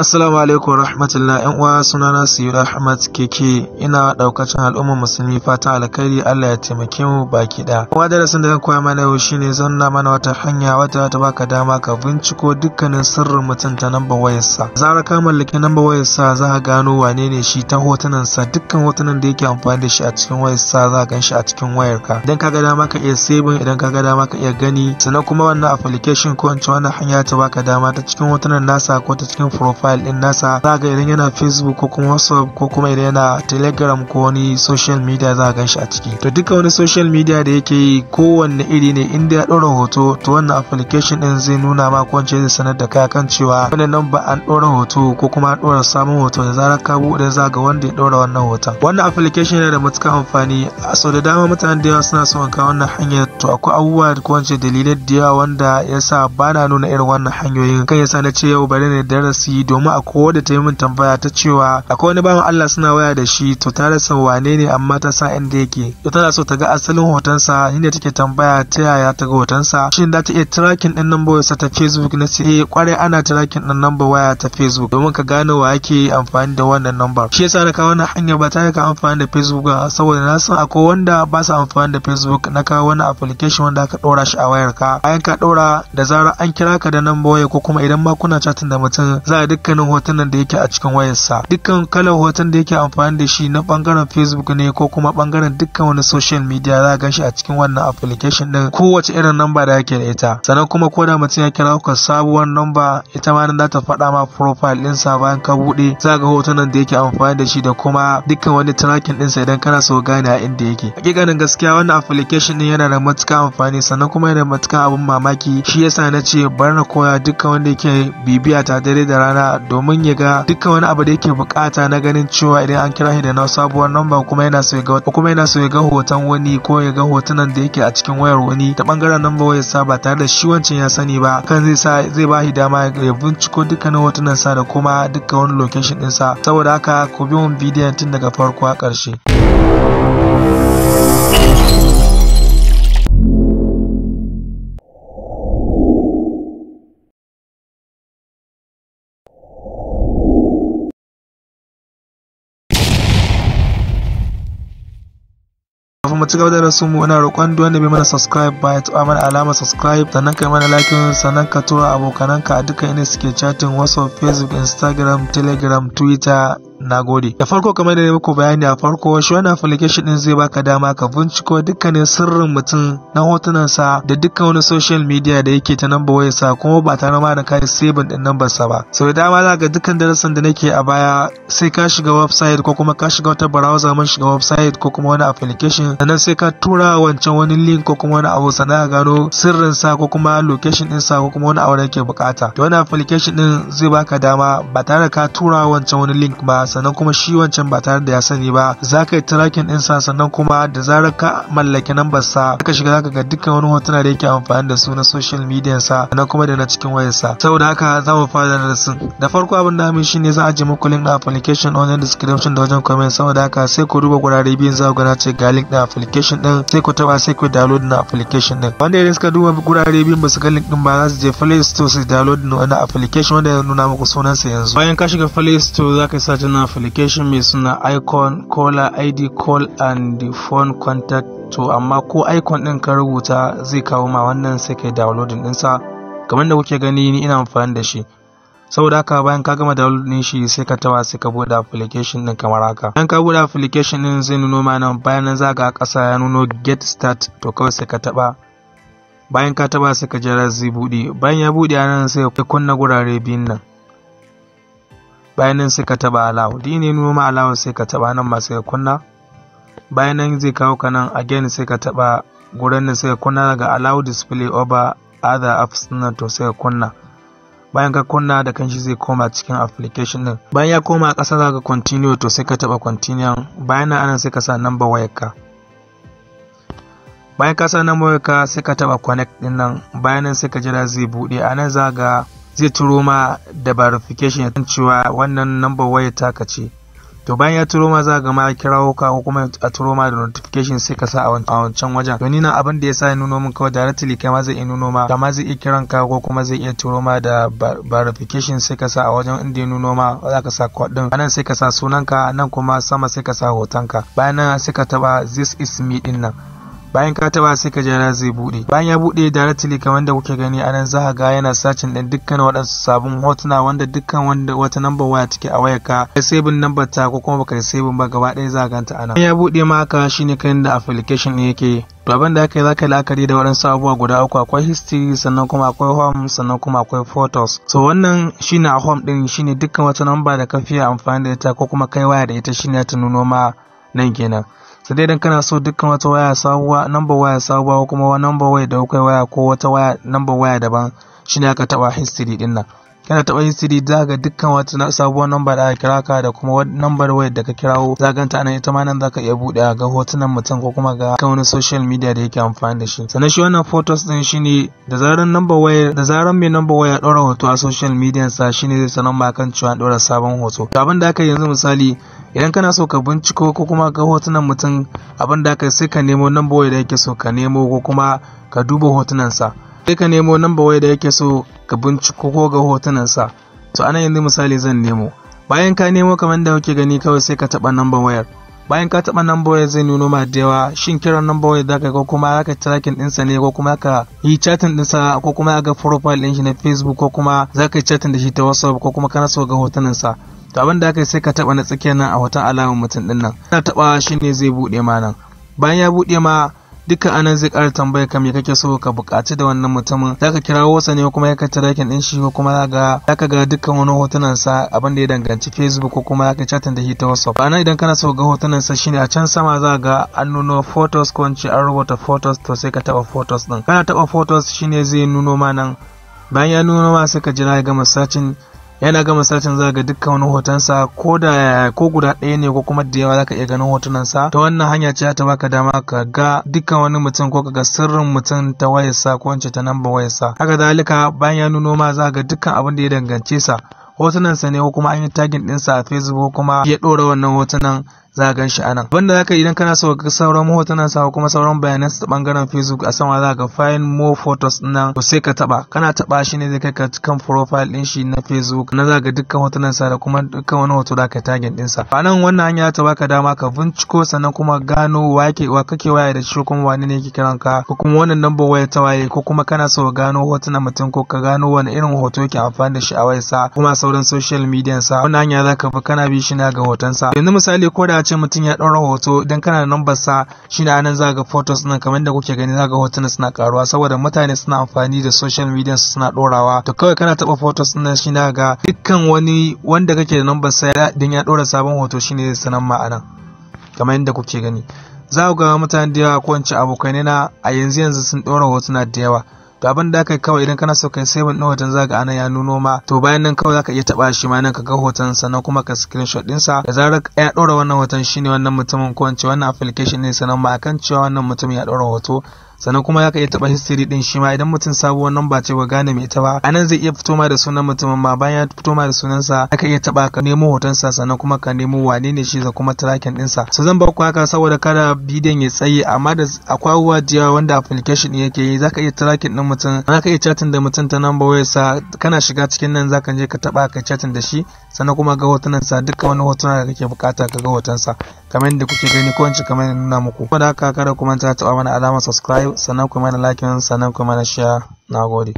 Assalamu alaikum rahmatullah ‘yan uwa sunana Sayyid Ahmad Keke ina daukacin al'ummar musulmi fatan alkhairi Allah ya taimake mu baki da. Kuma darasin da zan koya mana yau shine zanna mana wata hanya wata ta baka dama ka binciko dukkanin sirrin mutum ta namba wayarsa. Zara ka mallaki namba wayarsa za ka gano wane ne shi ta hotunansa dukkan hotunan da yake amfani da shi a cikin wayarsa za ka gan shi a cikin wayarka. Idan ka ga dama ka iya saving idan ka ga dama ka iya gani sannan kuma wannan application ko wancan wannan hanya ta baka dama ta cikin hotunan nasa ko ta cikin profile profile din nasa za ga idan yana facebook ko kuma whatsapp ko kuma idan yana telegram ko wani social media za gan shi a ciki to duka wani social media da yake yi kowanne iri ne inda ya ɗora hoto to wannan application din zai nuna ma ko zai sanar da kai kan cewa wannan ba an ɗora hoto ko kuma an ɗora samun hoto da zarar ka bude za ga wanda ya ɗora wannan hoton wannan application yana da matukar amfani sau da dama mutane da yawa suna son ka wannan hanyar to akwai abubuwa da ko dalilai da yawa wanda yasa ba na nuna irin wannan hanyoyin kan yasa na ce yau bari ne darasi don domin kowa wadda ta yi min tambaya ta cewa akwai wani bawan Allah suna waya da shi to ta rasa wane ne amma ta sa inda yake ita tana so ta ga asalin hotonsa ne take tambaya ta yaya ta ga hotonsa shin za ta iya tracking din number sa ta Facebook na sai kwarai eh, ana tracking din number waya ta Facebook domin ka gane wa yake amfani da wannan number shi yasa na kawo wannan hanyar ba ta ka amfani da Facebook saboda na san akwai wanda ba su amfani da Facebook na kawo wani application wanda aka ɗora shi a wayar ka bayan ka ɗora da zarar an kira ka da number waya ko kuma idan ma kuna chatting da mutum za a dukkanin hotunan da yake a cikin wayarsa dukkan kalar hoton da yake amfani da shi na bangaren facebook ne ko kuma bangaren dukkan wani social media za gan shi a cikin wannan application din kowace irin namba da yake da ita sannan kuma ko da mutum ya kira ka sabuwar namba ita ma za ta faɗa ma profile sa bayan ka buɗe za ga hotunan da yake amfani da shi da kuma dukkan wani tracking sa idan kana so gane a inda yake hakikanin gaskiya wannan application din yana da matuƙar amfani sannan kuma yana da matuƙar abin mamaki shi yasa na ce bari na koya dukkan wanda yake bibiya ta dare da rana domin ya ga duka wani abu da yake bukata na ganin cewa idan an kira shi da na sabuwar namba kuma yana so ga kuma yana so ya ga hoton wani ko ya ga hotunan da yake a cikin wayar wani ta bangaren namba wayar sa ba tare da shi wancan ya sani ba kan zai sa zai ba shi dama ya binciko dukkanin hotunan sa da kuma duka wani location din sa saboda haka ku bi mun bidiyon tun daga farko a ƙarshe. ci gaba da rasu mu ina roƙon duk wanda bai mana subscribe ba ya taɓa mana alamar subscribe sannan kai mana like sannan ka tura abokananka a dukkan inda suke chatting whatsapp facebook instagram telegram twitter na gode da farko kamar da muku bayani a farko shi wannan application din zai baka dama ka binciko dukkanin sirrin mutum na hotunan sa da dukkan wani social media da yake ta number waya sa kuma ba tare ma da kai saving din number sa ba so da dama za ga dukkan darasin da nake a baya sai ka shiga website ko kuma ka shiga wata browser mun shiga website ko kuma wani application sai ka tura wancan wani link ko kuma wani abu sana a gano sirrin sa ko kuma location din sa ko kuma wani abu da yake bukata to wannan application din zai baka dama ba tare da ka tura wancan wani link ba sannan kuma shi wancan ba tare da ya sani ba zaka yi tracking din sa sannan kuma da zarar ka mallaki number sa ka shiga zaka ga dukkan wani hotuna da yake amfani da su na social media sa sannan kuma da na cikin wayar sa saboda haka za mu fara sun da farko abin da mu shine za a je muku link na application on the description da wajen comment saboda haka sai ku duba gurare biyun za ku na ce ga link na application application din sai ku taba sai ku download na application din wanda idan suka duba gurare biyu ba su ga link din ba za su je play store su download na wannan application wanda ya nuna muku sunan sa yanzu bayan ka shiga play store za ka sa na application mai suna icon caller id call and phone contact to amma ko icon din ka rubuta zai kawo ma wannan sai kai downloading din sa kamar da kuke gani ni ina amfani da shi saboda haka bayan ka gama download din shi sai ka tawa sai ka bude application din kamar haka bayan ka bude application din zai nuno ma nan bayan nan zaka kasa ya nuno get start to kawai sai ka taba bayan ka taba sai ka jira zai bude bayan ya bude nan sai ka kunna gurare biyun nan bayan nan sai ka taba allow din ne nuno ma allow sai ka taba nan ma sai ka kunna bayan nan zai kawo ka nan again sai ka taba gurin nan sai ka kunna daga allow display over other apps nan to sai ka kunna bayan ka kunna da kanshi zai koma cikin application din bayan ya koma ƙasa za ka continue to sai ka taɓa continue bayan nan anan sai ka sa number wayar ka bayan ka sa number wayar ka sai ka taɓa connect din nan bayan nan sai ka jira zai buɗe anan za ga zai turo ma da verification ya cewa wannan number wayar taka ce to bayan ya turo ma za ga ma kirawo ka ko kuma a turo ma da notification sai ka sa a wancan wajen to ni nan abin da ya sa ya nuno min kawai directly kai ma zai iya nuno ma kama zai iya kiran ka ko kuma zai iya turo ma da verification sai ka sa a wajen inda ya nuno ma za ka sa code din anan sai ka sa sunanka nan kuma sama sai ka sa hotonka bayan nan sai ka taba this is me din nan bayan ka taba sai ka jira zai bude bayan ya bude directly kamar da kuke gani anan za ga yana sacin din dukkan waɗansu sabon hotuna wanda dukkan wanda wata number waya take a wayar ka kai sabin number ta ko kuma baka sabin ba gaba ɗaya za ganta anan ya bude maka shine kan da application yake to abin da aka yi zaka la'akari da waɗansu abubuwa guda uku akwai history sannan kuma akwai home sannan kuma akwai photos so wannan shine a home din shine dukkan wata number da ka fiye amfani da ita ko kuma kai waya da ita shine ta nuno ma nan kenan sai dai idan kana so dukkan wata waya sabuwa number waya sabuwa ko kuma number waya da kai waya ko wata waya number waya daban shine aka taba history din nan kana taba history za ga dukkan wata sabuwar number da aka kira ka da kuma number waya da ka kirawo za ganta anan ita ma nan za ka iya bude ga hotunan mutum ko kuma ga kan wani social media da yake amfani da shi sannan shi wannan photos din shine da zaran number waya da zaran mai number waya ɗora hoto a social media sa shine zai sanar ma kan cewa ɗora sabon hoto to abin da aka yanzu misali idan kana so ka binciko ko kuma ga hotunan mutum abin da aka sai ka nemo number waya da yake so ka nemo ko kuma ka duba hotunansa sai ka nemo number waya da yake so ka binciko ko ga hotunansa to anan yanzu misali zan nemo bayan ka nemo kamar da kuke gani kawai sai ka taba namba wayar bayan ka taɓa number zai nuno ma da yawa shin kiran number waya zaka ko kuma zaka tracking ɗinsa ne ko kuma ka yi chatting ɗinsa ko kuma ga profile ɗin shi na Facebook ko kuma zaka yi chatting da shi ta WhatsApp ko kuma kana so ga hotunansa to abin da aka sai ka taɓa na tsakiyar nan a hoton alamar mutum ɗin nan kana taɓa shi ne zai buɗe ma nan bayan ya buɗe ma Dukkan anan zai ƙara tambaya ka me kake so ka buƙaci da wannan mutumin ka kira sa ne kuma ya ka tirakin din shi ko kuma ga ka ga dukkan wani hotunan sa abin da ya danganci Facebook ko kuma ka chatin da shi ta WhatsApp anan idan kana so ga hotunan sa shine a can sama za ga an nuno photos ko an rubuta photos to sai ka taɓa photos ɗin. kana taɓa photos shine zai nuno ma nan bayan ya nuno ma sai ka jira ya gama yana gama sacin za ga dukkan wani hotonsa ko da ko guda ɗaya ne ko kuma da yawa za ka iya ganin hotunansa ta wannan hanya ce ta baka dama ka ga dukkan wani mutum ko ka ga sirrin mutum ta wayarsa ko wance ta namba wayarsa haka zalika bayan ya nuno ma za ga dukkan abin da ya dangance sa hotunansa ne ko kuma an yi tagin ɗinsa a facebook kuma ya ɗora wannan hotunan za ka ganshi anan abinda zaka idan kana so ka sauran hotunan sa kuma sauran bayanan ta bangaren Facebook a sama za ka find more photos nan to sai ka taba kana taba shi ne zai kai ka kan profile din shi na Facebook na za ka dukkan hotunan sa da kuma dukkan wani hoto da ka tagin din sa anan wannan hanya ta baka dama ka binciko sannan kuma gano wake wa kake waya da shi kuma wani ne yake kiran ka ko kuma wannan number waya ta waye ko kuma kana so ka gano hotunan mutum ko ka gano wani irin hoto yake amfani da shi a wayarsa kuma sauran social media sa wannan hanya za bi kana bi shi na ga hoton sa yanzu misali ko da a ce mutum ya ɗaura hoto idan kana da number sa shi ne anan za ga photos ɗin kamar da kuke gani za ga hotuna suna karuwa saboda mutane suna amfani da social media suna ɗorawa to kawai kana taɓa photos ɗin shi na ga dukkan wani wanda kake da number sa idan ya ɗora sabon hoto shi ne zai ma anan kamar yadda kuke gani za ku ga mutane da yawa ko in abokai na a yanzu yanzu sun ɗora hotuna da yawa to abin da aka kawai idan kana so kai saving din hoton zaka ana ya nuno ma to bayan nan kawai zaka iya taba shi ma nan ka ga hoton sannan kuma ka screenshot din sa da zarar ya dora wannan hoton shine wannan mutumin ko wannan application ne sannan ma akan cewa wannan mutumin ya dora hoto sannan kuma ya ka iya taba history din shi ma idan mutum sabuwar namba ce ba gane mai ta ba anan zai iya fito ma da sunan mutumin ma bayan ya fito ma da sa aka iya taba ka nemo hotonsa sannan kuma ka nemo wane ne shi da kuma tracking sa so zan ba ku haka saboda kada bidiyon ya tsaye amma da akwai abubuwa da wanda application yake yi zaka iya tracking din mutum zaka iya chatting da mutum ta namba sa kana shiga cikin nan zaka je ka taba ka chatting da shi sannan kuma ga sa dukkan wani hotuna da kake bukata ka ga hotonsa kamar yadda kuke gani ko in kamar nuna muku kuma da haka kada ku manta taba mana alamar subscribe sannan kuma mana lakin sannan kuma mana sha Na gode.